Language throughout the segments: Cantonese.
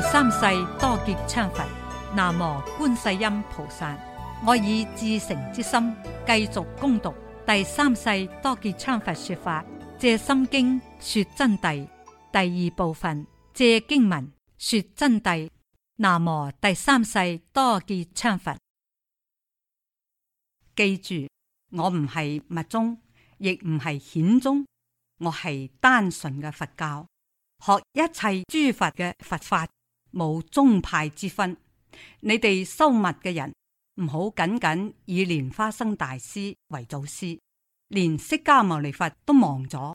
第三世多杰羌佛，南無觀世音菩薩。我以至誠之心繼續恭讀第三世多杰羌佛說法，藉心經說真諦，第二部分藉經文說真諦。南無第三世多杰羌佛。記住，我唔係密宗，亦唔係顯宗，我係單純嘅佛教，學一切諸佛嘅佛法。冇宗派之分，你哋修密嘅人唔好僅僅以蓮花生大師為祖師，連釋迦牟尼佛都忘咗。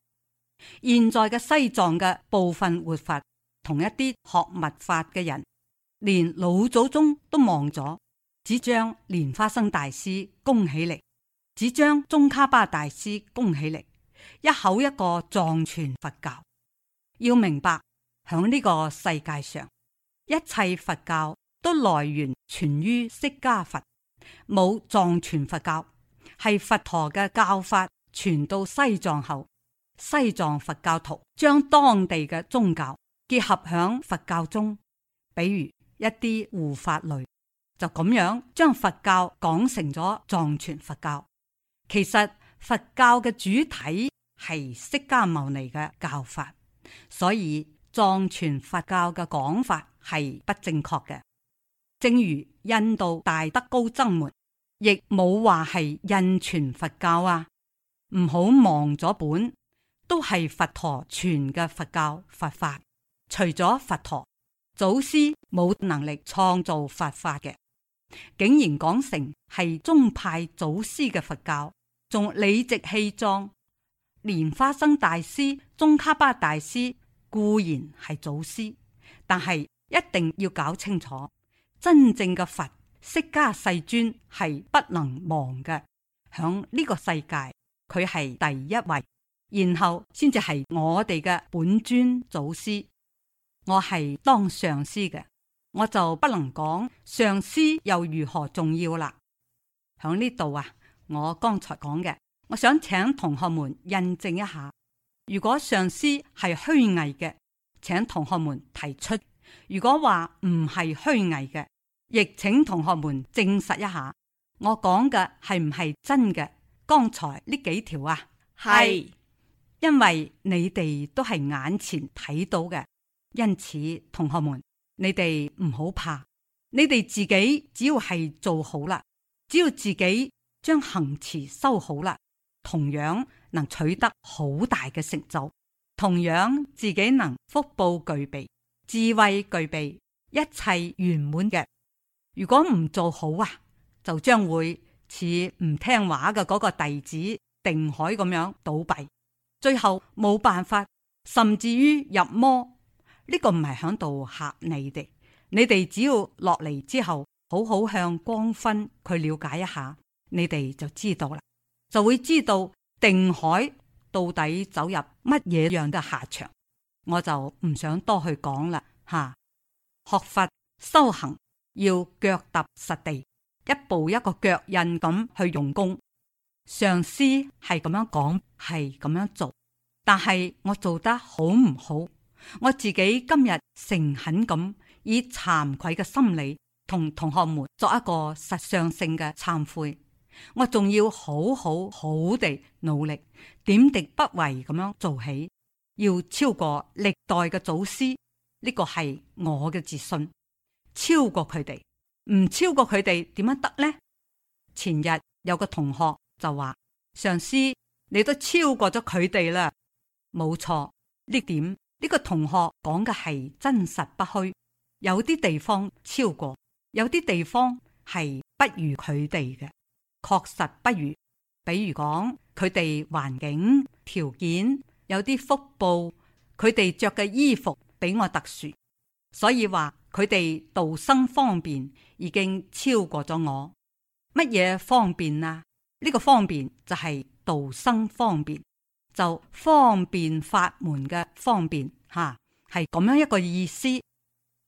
現在嘅西藏嘅部分活佛同一啲學密法嘅人，連老祖宗都忘咗，只將蓮花生大師供起嚟，只將宗喀巴大師供起嚟，一口一個藏傳佛教，要明白響呢個世界上。一切佛教都來源全於釋迦佛，冇藏傳佛教，係佛陀嘅教法傳到西藏後，西藏佛教徒將當地嘅宗教結合響佛教中，比如一啲護法類，就咁樣將佛教講成咗藏傳佛教。其實佛教嘅主體係釋迦牟尼嘅教法，所以藏傳佛教嘅講法。係不正確嘅，正如印度大德高僧們亦冇話係印傳佛教啊，唔好忘咗本都係佛陀傳嘅佛教佛法，除咗佛陀祖師冇能力創造佛法嘅，竟然講成係宗派祖師嘅佛教，仲理直氣壯。蓮花生大師、宗喀巴大師固然係祖師，但係，一定要搞清楚，真正嘅佛釋迦世尊係不能忘嘅，響呢個世界佢係第一位，然後先至係我哋嘅本尊祖師。我係當上師嘅，我就不能講上師又如何重要啦。響呢度啊，我剛才講嘅，我想請同學們印證一下，如果上師係虛偽嘅，請同學們提出。如果話唔係虛偽嘅，亦請同學們證實一下，我講嘅係唔係真嘅？剛才呢幾條啊，係是因為你哋都係眼前睇到嘅，因此同學們，你哋唔好怕，你哋自己只要係做好啦，只要自己將行持修好啦，同樣能取得好大嘅成就，同樣自己能福報具備，智慧具備一切圓滿嘅，如果唔做好啊，就將會似唔聽話嘅嗰個弟子定海咁樣倒閉，最後冇辦法，甚至於入魔。呢個唔係響度嚇你哋，你哋只要落嚟之後，好好向光分去了解一下，你哋就知道啦，就會知道定海到底走入乜嘢樣嘅下場。我就唔想多去講啦，哈！學佛修行要腳踏實地，一步一個腳印咁去用功。上師係咁樣講，係咁樣做，但係我做得好唔好？我自己今日誠懇咁，以慚愧嘅心理同同學們作一個實相性嘅懺悔。我仲要好好好地努力，點滴不為咁樣做起。要超過歷代嘅祖師，呢個係我嘅自信。超過佢哋，唔超過佢哋點樣得呢？前日有個同學就話：上司你都超過咗佢哋啦，冇錯。呢點，呢個同學講嘅係真實不虛。有啲地方超過，有啲地方係不如佢哋嘅，確實不如。比如講佢哋環境條件。有啲福報，佢哋着嘅衣服比我特殊，所以話佢哋道生方便已經超過咗我。乜嘢方便啊？呢個方便就係道生方便，就方便法門嘅方便吓，係咁樣一個意思。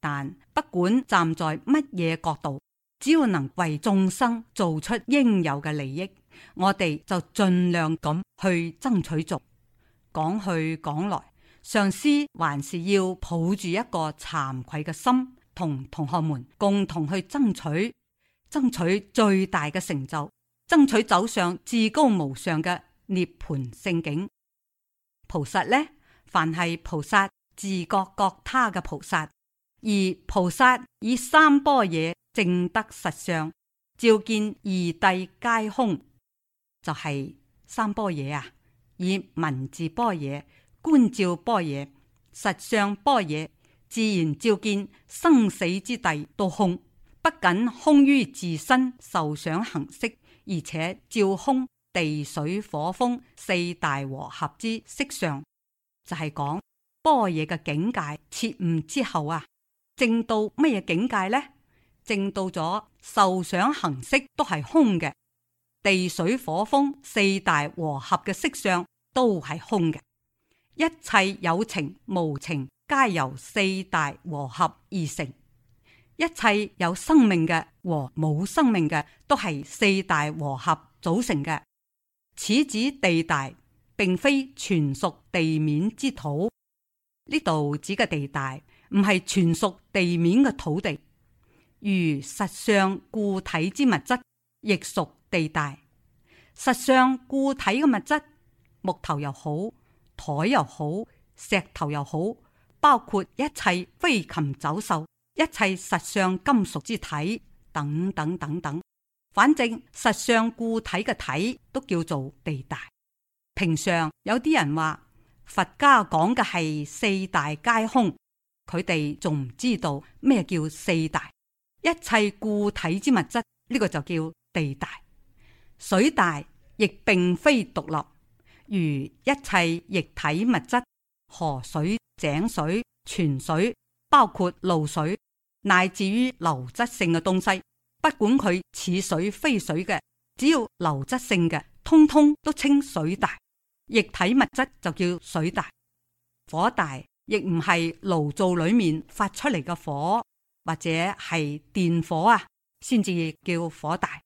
但不管站在乜嘢角度，只要能為眾生做出應有嘅利益，我哋就盡量咁去爭取做。講去講來，上師還是要抱住一個慚愧嘅心，同同學們共同去爭取，爭取最大嘅成就，爭取走上至高無上嘅涅槃聖境。菩薩呢，凡係菩薩自覺覺他嘅菩薩，而菩薩以三般若證得實相，照見二諦皆空，就係、是、三般若啊。以文字般若、觀照般若、實相般若、自然照見生死之地都空，不僅空於自身受想行識，而且照空地水火風四大和合之色相，就係講般若嘅境界徹悟之後啊，證到乜嘢境界呢？證到咗受想行識都係空嘅。地水火風四大和合嘅色相都係空嘅，一切有情無情皆由四大和合而成，一切有生命嘅和冇生命嘅都係四大和合組成嘅。此指地大，並非全屬地面之土。呢度指嘅地大，唔係全屬地面嘅土地，如實相固體之物質亦屬。地大實上固體嘅物質，木頭又好，枱又好，石頭又好，包括一切飛禽走獸，一切實上金屬之體等等等等。反正實上固體嘅體都叫做地大。平常有啲人話，佛家講嘅係四大皆空，佢哋仲唔知道咩叫四大？一切固體之物質呢個就叫地大。水大亦並非獨立，如一切液體物質，河水、井水、泉水，包括露水，乃至於流質性嘅東西，不管佢似水非水嘅，只要流質性嘅，通通都稱水大。液體物質就叫水大。火大亦唔係爐灶裏面發出嚟嘅火，或者係電火啊，先至叫火大。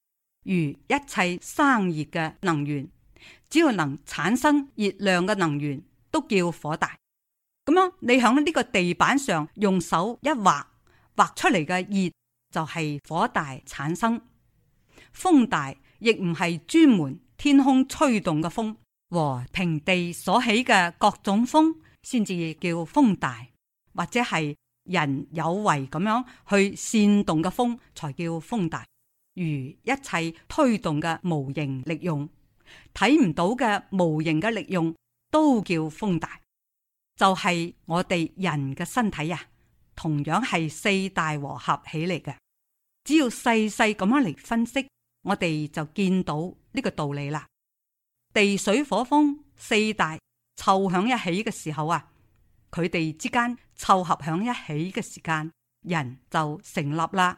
如一切生熱嘅能源，只要能產生熱量嘅能源，都叫火大。咁樣你響呢個地板上用手一劃，劃出嚟嘅熱就係火大產生。風大亦唔係專門天空吹動嘅風，和平地所起嘅各種風先至叫風大，或者係人有為咁樣去煽動嘅風，才叫風大。如一切推動嘅無形利用，睇唔到嘅無形嘅利用都叫風大，就係、是、我哋人嘅身體啊，同樣係四大和合起嚟嘅。只要細細咁樣嚟分析，我哋就見到呢個道理啦。地水火風四大湊響一起嘅時候啊，佢哋之間湊合響一起嘅時間，人就成立啦。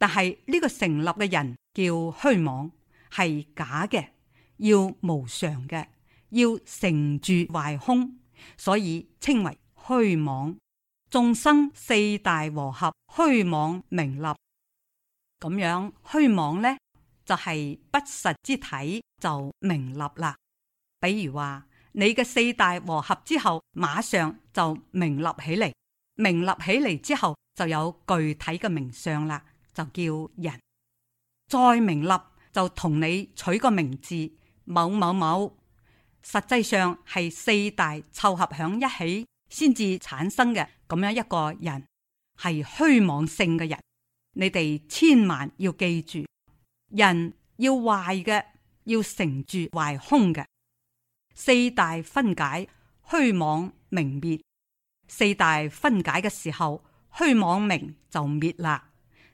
但係呢，這個成立嘅人叫虛妄，係假嘅，要無常嘅，要成住壞空，所以稱為虛妄。眾生四大和合，虛妄名立，咁樣虛妄呢，就係、是、不實之體就名立啦。比如話你嘅四大和合之後，馬上就名立起嚟，名立起嚟之後就有具體嘅名相啦。就叫人，再名立就同你取個名字某某某，實際上係四大湊合響一起先至產生嘅咁樣一個人，係虛妄性嘅人。你哋千萬要記住，人要壞嘅，要成住壞空嘅四大分解，虛妄明滅，四大分解嘅時候，虛妄明就滅啦。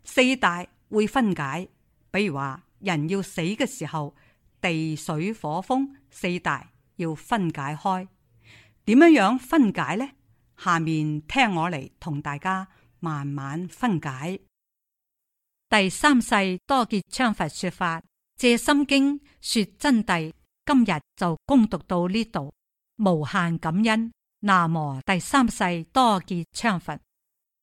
四大會分解，比如話人要死嘅時候，地水火風四大要分解開，點樣樣分解呢？下面聽我嚟同大家慢慢分解。第三世多杰羌佛說法，藉心經說真諦，今日就恭讀到呢度，無限感恩。那麼第三世多杰羌佛。